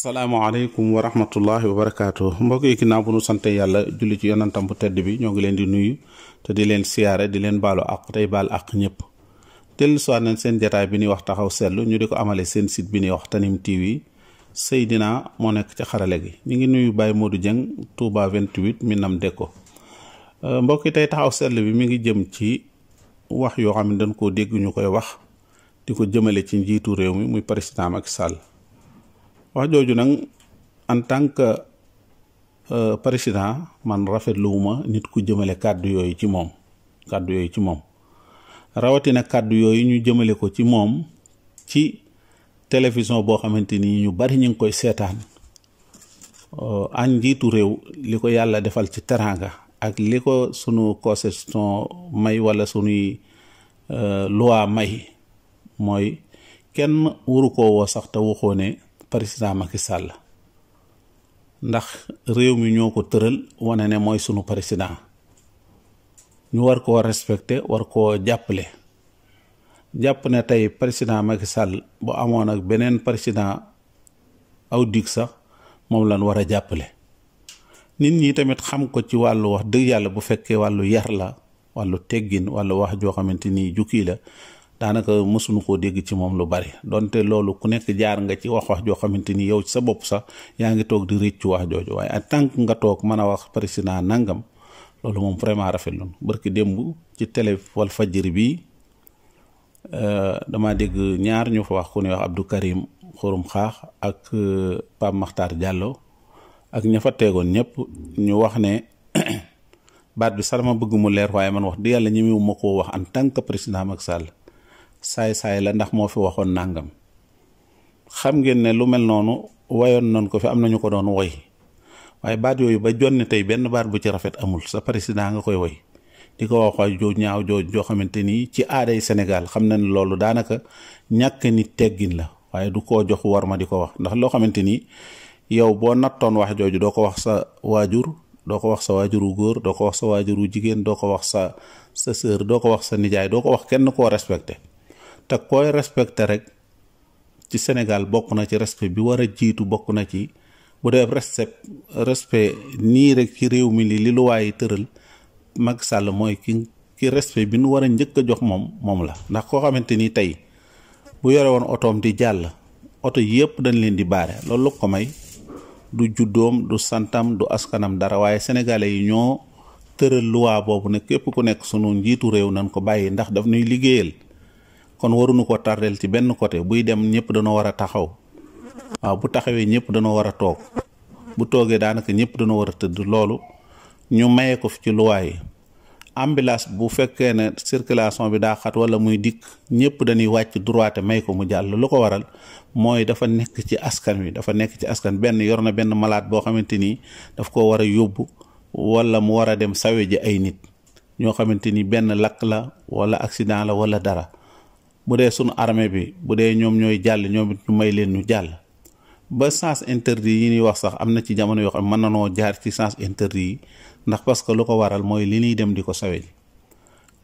salaamaaleykum wa rahmatullahi wa barakaatu mbokk yi ginnaaw bu nu sante yàlla julli ci yonantam bu tedd bi ñoo ngi leen di nuyu te di leen siyaare di leen baalo àq tey baal àq ñëpp dellu siwaat seen jataay bi ñuy wax taxaw seetlu ñu di ko amale seen sit bi ñuy wax yi TV dinaa moo nekk ci xarale gi ñu ngi nuyu Baye Modou Dieng Touba 28 Minam Deko euh, mbokk mbokki tey taxaw seetlu bi mi ngi jëm ci wax yoo xam ne dañ koo dégg ñu koy wax di ko jëmale ci njiitu réew mi muy président Macky Sall wax jooju nag en tant que euh, président man rafetluwuma nit ku jëmale kàddu yooyu ci moom kàddu yooyu ci moom rawatina kàddu yooyu ñu jëmale ko ci moom ci télévision boo xamante ni ñu bari ñu ngi koy seetaan euh, an njiitu réew li ko yàlla defal ci teraanga ak li ko sunu constitution may wala sunuy euh, loi may mooy kenn waru koo woo sax te waxoo ne président Macky sàll ndax réew mi ñoo ko tëral wane ne mooy sunu président ñu war koo respecté war koo jàppale jàpp ne tey président Macky sàll bu amoon ak beneen président aw dig sax moom lañ war a jàppale nit ñi tamit xam ko ci wàllu wax dëgg yàlla bu fekkee wàllu yar la wàllu teggin wàllu wax joo xamante ni jukki la daanaka mësuñu koo dégg ci moom lu bari donte loolu ku nekk jaar nga ci wax wax joo xamante ni yow ci sa bopp sax yaa ngi toog di rëccu wax jooju waaye en tànk nga toog mën a wax président nangam loolu moom vraiment rafetlu barki démb ci télé wal fajjir bi euh, damaa dégg ñaar ñu fa wax ku ne wax Abdou xaax ak euh, Pape Makhtar Diallo ak ña fa teegoon ñëpp ñu wax ne baat bi sax dama bëgg mu leer waaye man wax di yàlla ñemewu ma koo wax en tant que président Macky Sall saay-saay la ndax moo fi waxoon nàngam xam ngeen ne lu mel noonu wayoon nañ ko fi am nañu ko doon woy waaye baat yooyu ba jonni tey benn baat bu ci rafet amul sa président nga koy woy di ko wax waay ñaaw joo joo xamante ni ci aaday Sénégal xam na ne loolu daanaka ñàkk nit teggin la waaye du koo jox war ma di ko wax ndax loo xamante ni yow boo nattoon wax jooju doo ko wax sa waajur doo ko wax sa waajuru góor doo ko wax sa waajuru jigéen doo ko wax sa sa doo ko wax sa nijaay doo ko wax kenn koo respecté te koy respecté rek ci Sénégal bokk na ci respect bi war a jiitu bokk na ci bu dee respect respect nii rek ci réew mi nii li luwaay yi tëral mag sàll mooy ki ki respect bi nu war a njëkk a jox moom moom la ndax koo xamante ni tey bu yore woon otoom di jàll oto yëpp dañ leen di baare loolu ko may du juddoom du santam du askanam dara waaye sénégalais yi ñoo tëral luwaa boobu ne képp ku nekk sunu njiitu réew nañ ko bàyyi ndax daf nuy liggéeyal kon waruñu ko tardel ci benn côté buy dem ñëpp dañoo war a taxaw waaw bu taxawee ñëpp dañoo war a toog bu toogee daanaka ñëpp dañoo war a tëdd loolu ñu maye ko fi ci luwaa yi bu fekkee ne circulation bi daa xat wala muy dikk ñëpp dañuy wàcc droite may ko mu jàll lu ko waral mooy dafa nekk ci askan wi dafa nekk ci askan benn yor na benn malaat boo xamante ni daf ko war a yóbbu walla mu war a dem sawe ji ay nit ñoo xamante ni benn lakk la wala accident la wala dara bu dee sunu armée bi bu dee ñoom ñooy jàll ñoom it ñu may leen ñu jàll ba sens interdit yi ñuy wax sax am na ci jamono yoo xam mën na noo jaar ci sens interdit yi ndax parce que lu ko waral mooy li ñuy dem di ko sawe ji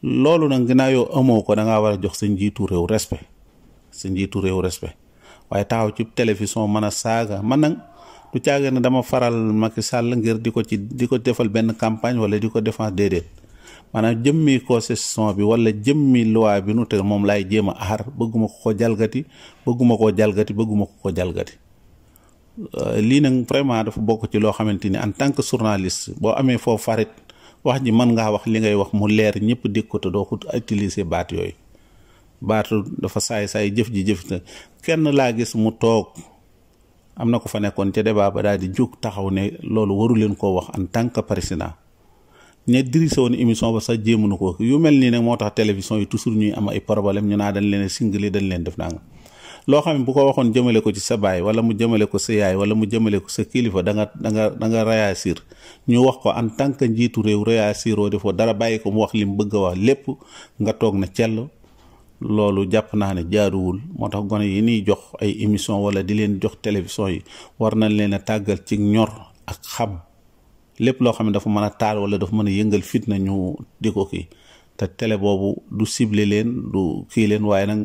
loolu nag ginnaaw yow amoo ko da ngaa war a jox sa njiitu réew respect sa njiitu réew respect waaye taxaw ci télévision mën a saaga mën nag lu caage na dama faral Macky Sall ngir di ko ci di ko defal benn campagne wala di ko défense déedéet. maanaam jëmmi constitution bi wala jëmmi loi bi nu te moom laay jéem a aar bëgguma ko ko jalgati bëgguma koo jalgati bëgguma ko ko jalgati euh, lii nag vraiment dafa bokk ci loo xamante ni en tant que journaliste boo amee foo farit wax ji man ngaa wax li ngay wax mu leer ñëpp dégg doo ko utiliser baat yooyu baatu dafa saay saay jëf ji jëf na kenn laa gis mu toog am na ko fa nekkoon ca débat ba daal di jóg taxaw ne loolu waru leen koo wax en tant que président ña dirisé woon émission ba sax jéemu na ko yu mel nii nag moo tax télévision yi toujours ñuy am ay problème ñu naa dañ leen singali dañ leen def nangam loo xam ne bu ko waxoon jëmale ko ci sa baay wala mu jëmale ko sa yaay wala mu jëmale ko sa kilifa da nga da nga da ñu wax ko en tant que njiitu réew réagiroo defoo dara bàyyi ko mu wax li mu bëgg a wax lépp nga toog na cell loolu jàpp naa ne jaaruwul moo tax gone yi niy jox ay émission wala di leen jox télévision yi war nañ leen a tàggal ci ñor ak xam lépp loo xam ne dafa mën a taal wala dafa mën a yëngal fitna ñu di ko kii te télé boobu du ciblé leen du kii leen waaye nag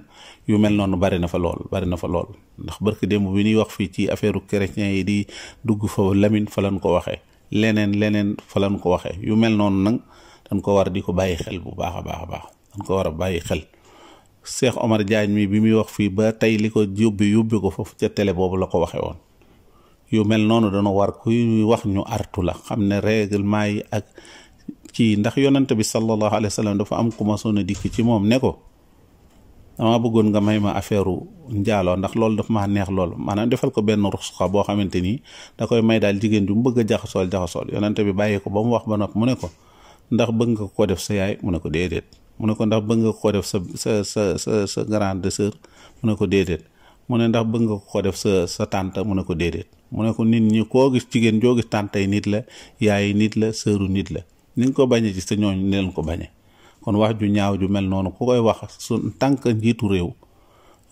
yu mel noonu bari na fa lool bari na fa lool ndax barki démb bi ñuy wax fii ci affaire chrétien yi di dugg fa Lamine fa lañ ko waxee leneen leneen fa lañ ko waxee yu mel noonu nag dañ ko war a di ko bàyyi xel bu baax a baax a baax dañ ko war a bàyyi xel. Cheikh Omar jaañ mi bi muy wax fii ba tey li ko yóbbi yóbbi ko foofu ca télé boobu la ko waxee woon. yu mel noonu dana war kuy ñuy wax ñu artu la xam ne règlement yi ak kii ndax yonante bi sallallahu alayhi wa sallam dafa am ku ma soon a dikk ci moom ne ko dama bëggoon nga may ma affaire njaaloo ndax loolu maa neex lool maanaam defal ko benn rusxa boo xamante ni da koy may daal jigéen ju bëgg a jaxasool jaxasool yonante bi bàyyi ko ba mu wax ba noppi mu ne ko ndax bëgg nga ko def sa yaay mu ne ko déedéet mu ne ko ndax bëgg nga ko def sa sa sa sa sa grande ser mu ne ko déedéet mu ne ndax bëgg nga ko def sa sa tante mu ne ko déedéet mu ne ko nit ñi koo gis jigéen joo gis tante yi nit la yaayi nit la sëru nit la ni ko bañee ci sa ñooñu leen ko bañee kon wax ju ñaaw ju mel noonu ku koy wax su tànk njiitu réew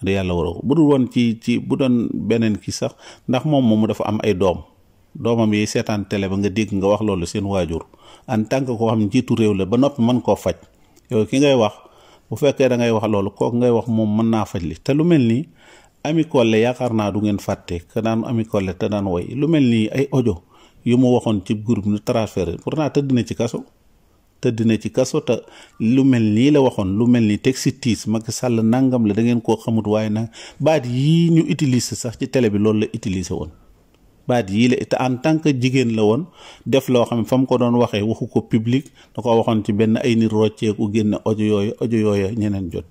de yàlla waroo ko bu dul woon ci ci bu doon beneen ki sax ndax moom moomu dafa am ay doom doomam yi seetaan télé ba nga dégg nga wax loolu seen waajur en tant que koo xam njiitu réew la ba noppi mën koo faj yow ki ngay wax bu fekkee da wax loolu kooku ngay wax moom mën naa faj li te lu mel nii amicole Collé yaakaar naa du ngeen fàtte que daan Ami Collé te daan woy lu mel nii ay audio yu mu waxoon ci groupe nu pour naa tëdd na ci kaso tëdd na ci kaso te lu mel nii la waxoon lu mel nii textitis Macky Sall nangam la da ngeen koo xamut waaye nag baat yi ñu utiliser sax ci télé bi loolu la utiliser woon baat yii la te en tant que jigéen la woon def loo xam ne fa mu ko doon waxee waxu ko public da ko waxoon ci benn ay nit rocceeku génn audio yooyu audio yooyu ñeneen jot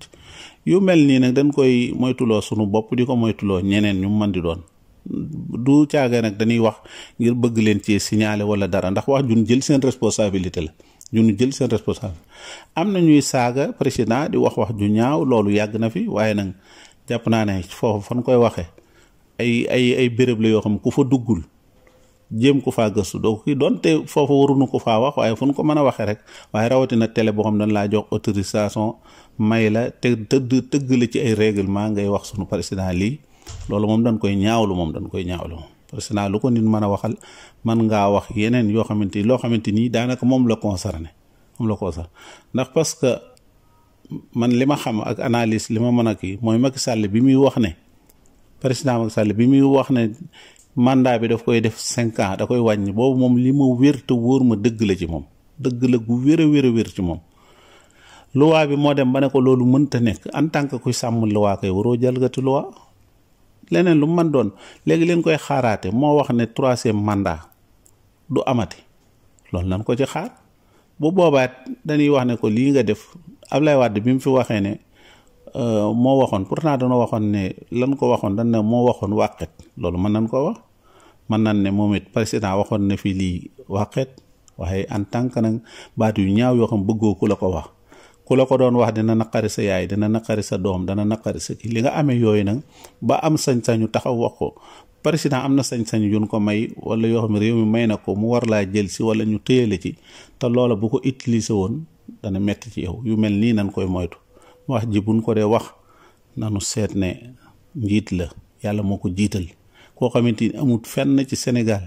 yu mel nii nag dañ koy moytuloo sunu bopp di ko moytuloo ñeneen ñu mën di doon du caaga nag dañuy wax ngir bëgg leen ci signaler wala dara ndax wax jun jël seen responsabilité la junu jël seen responsabilité am na ñuy saaga président di wax wax ju ñaaw loolu yàgg na fi waaye nag jàpp naa ne foofu fan koy waxee ay ay ay béréb la yoo xam ku fa duggul jéem ko faa gëstu doo ki donte foofu waruñu ko faa wax waaye fu ñu ko mën a waxee rek waaye rawatina tele boo xam dañ laa jox autorisation may la te tëdd tëgg la ci ay règlement ngay wax sunu président lii loolu moom dañ koy ñaawlu moom dañ koy ñaawlu moom lu ko nit mën a waxal man ngaa wax yeneen yoo xamante ni loo xamante nii daanaka moom la concerné moom la concerné ndax parce que man li ma xam ak analyse li ma mën a ki mooy mag Sall bi muy wax ne président Macky Sall bi muy wax ne mandat bi daf koy def cinq da koy wàññi boobu moom li ma wér wóor ma dëgg la ci moom dëgg la gu wér a wér a wér ci moom luwaa bi moo dem ba ne ko loolu mënta nekk en tant que kuy sàmm luwaa kay waroo jalgati luwaa leneen lu mu mën doon léegi leen koy xaaraate moo wax ne troisième mandat du amati loolu nan ko ci xaar bu boobaat dañuy wax ne ko lii nga def Ablaye Wade bi mu fi waxee ne Euh, moo waxoon pour pourtant dañoo waxoon ne lan ko waxoon dañ ne moo waxoon wàqet loolu mën nañ koo wax mën nañ ne moom it président waxoon na fi lii wàqet waxee en tant que nag baat yu ñaaw yoo xam bëggoo ku la ko wax ku la ko doon wax dina naqari sa yaay dina naqari sa doom dana naqari sa kii li nga amee yooyu nag ba am sañ-sañu taxaw wax ko président am na sañ-sañ yuñ ko may wala yoo xam ne réew mi may na ko mu war laa jël si ñu téye la ci te loola bu ko utiliser woon dana metti ci yow yu mel nii nañ koy moytu. wax ji buñ ko dee wax nanu seet ne njiit la yàlla moo ko jiital koo xamante ni amut fenn ci senegal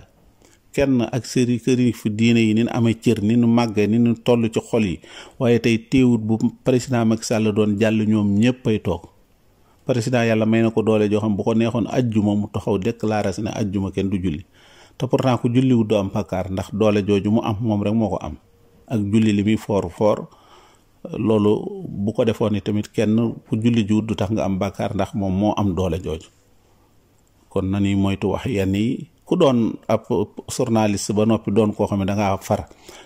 kenn ak sëri këri fi diine yi ni nu amee cër ni nu màggee ni nu toll ci xol yi waaye tey téewut bu président Macky Sall doon jàll ñoom ñépp ay toog président yàlla may na ko doole joo xam bu ko neexoon ajjuma mu taxaw déclaré ne ajjuma kenn du julli te pourtant ku julliwut du am bakkaar ndax doole jooju mu am moom rek moo ko am ak julli li muy loolu bu ko defoon tamit kenn ku julli ju du tax nga am bàkkaar ndax moom moo am doole jooju kon na ni moytu wax yenn yi ku doon ab journaliste ba noppi doon koo xam ne da far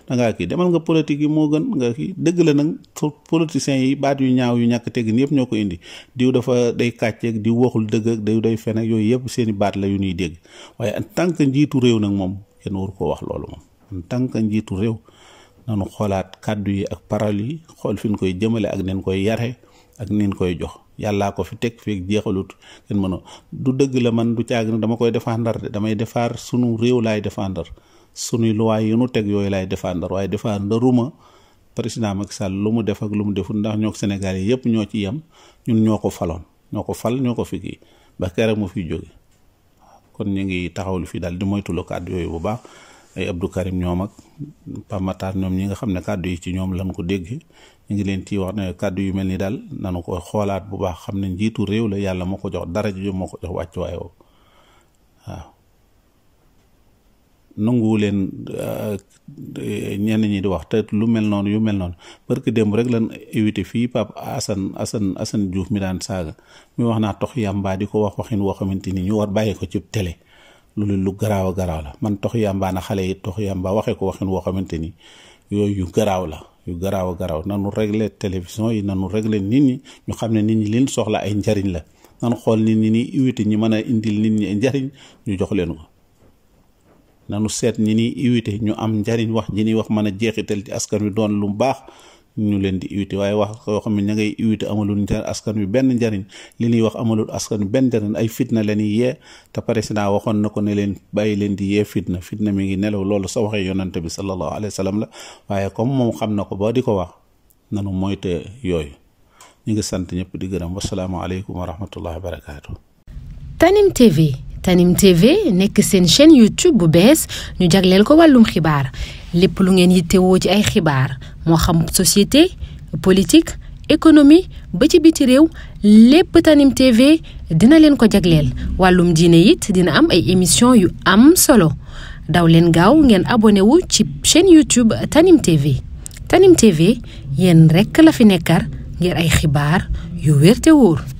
da ngaa kii demal nga politique yi moo gën nga kii dëgg la nag politiciens yi baat yu ñaaw yu ñàkk teggin yëpp ñoo ko indi diw dafa day kàcceeg diw waxul dëgg day day fen ak yooyu yëpp seeni baat la yu ñuy dégg waaye en tant que njiitu réew nag moom kenn waru koo wax loolu moom tant que njiitu réew. nanu xoolaat kàddu yi ak paral yi xool fi ñu koy jëmale ak nen koy yare ak nen koy jox yàllaa ko fi teg feeg jeexalut kenn mëno du dëgg la man du caag ne dama koy défendar damay defar sunu réew laay défendar sunuy luwaay yu nu teg yooyu laay défendar waaye defaa défendaruma président Macky Sall lu mu def ak lu mu deful ndax ñoo Sénégal yi yëpp ñoo ci yem ñun ñoo ko faloon ñoo ko fal ñoo ko fi kii ba keroog mu fi jóge kon ñu ngi taxawlu fii daal di moytu la yooyu bu baax ay Abdou Karim ñoom ak Pape Matar ñoom ñi nga xam ne kàddu yi ci ñoom lan ko dégg ñu ngi leen ciy wax na kàddu yu mel ni daal nanu ko xoolaat bu baax xam ne njiitu réew la yàlla moo ko jox dara ji moo ko jox wàccuwaay woo waaw nanguwu leen euh, ñenn ñi di wax te lu mel noonu yu mel noonu parce que démb rek lan évité fii Pape Assane Assane Assane juuf mi daan saaga mi wax naa tox yàmbaa di ko wax waxin woo xamante ni ñu war bàyyi ko ci télé loolu lu garaaw a garaaw la man tox yàmbaa na xale yi tox yàmbaa waxee ko waxin woo xamante ni yooyu yu garaaw la yu garaaw a garaaw nanu régler télévision yi nanu régler nit ñi ñu xam ne nit ñi liñ soxla ay njariñ la nanu xool nit ñi ni iwiti ñi mën a indil nit ñi njariñ ñu jox leen ko nanu seet ñi ni iwite ñu am njariñ wax ñi ni wax mën a jeexital ci askan wi doon lu baax ñu leen di iwite waaye wax ko yoo xam ne ña ngay iwite amalul askan wi benn njariñ li ñuy wax amalul askan wi benn njariñ ay fitna la ñuy yee te président waxoon na ko ne leen bàyyi leen di yee fitna fitna mi ngi nelaw loolu sa waxee yonante bi sallallahu alayhi wa sallam la waaye comme moom xam na ko ba di ko wax nanu moyte yooyu ñu ngi sant ñëpp di gërëm wasalaamaaleykum wa rahmatullahi wa barakaatu. Tanim TV Tanim TV nekk seen chaîne YouTube bu bees ñu jagleel ko wàllum xibaar. lépp lu ngeen yittewoo ci ay xibaar moo xam société politique économie ba ci biti réew lépp Tanim dina leen ko jagleel wàllum diine it dina am ay émission yu am solo daw leen gaaw ngeen abonné wu ci chaîne YouTube Tanim TV Tanim TV rekk la fi nekkar ngir ay xibaar yu wér te wóor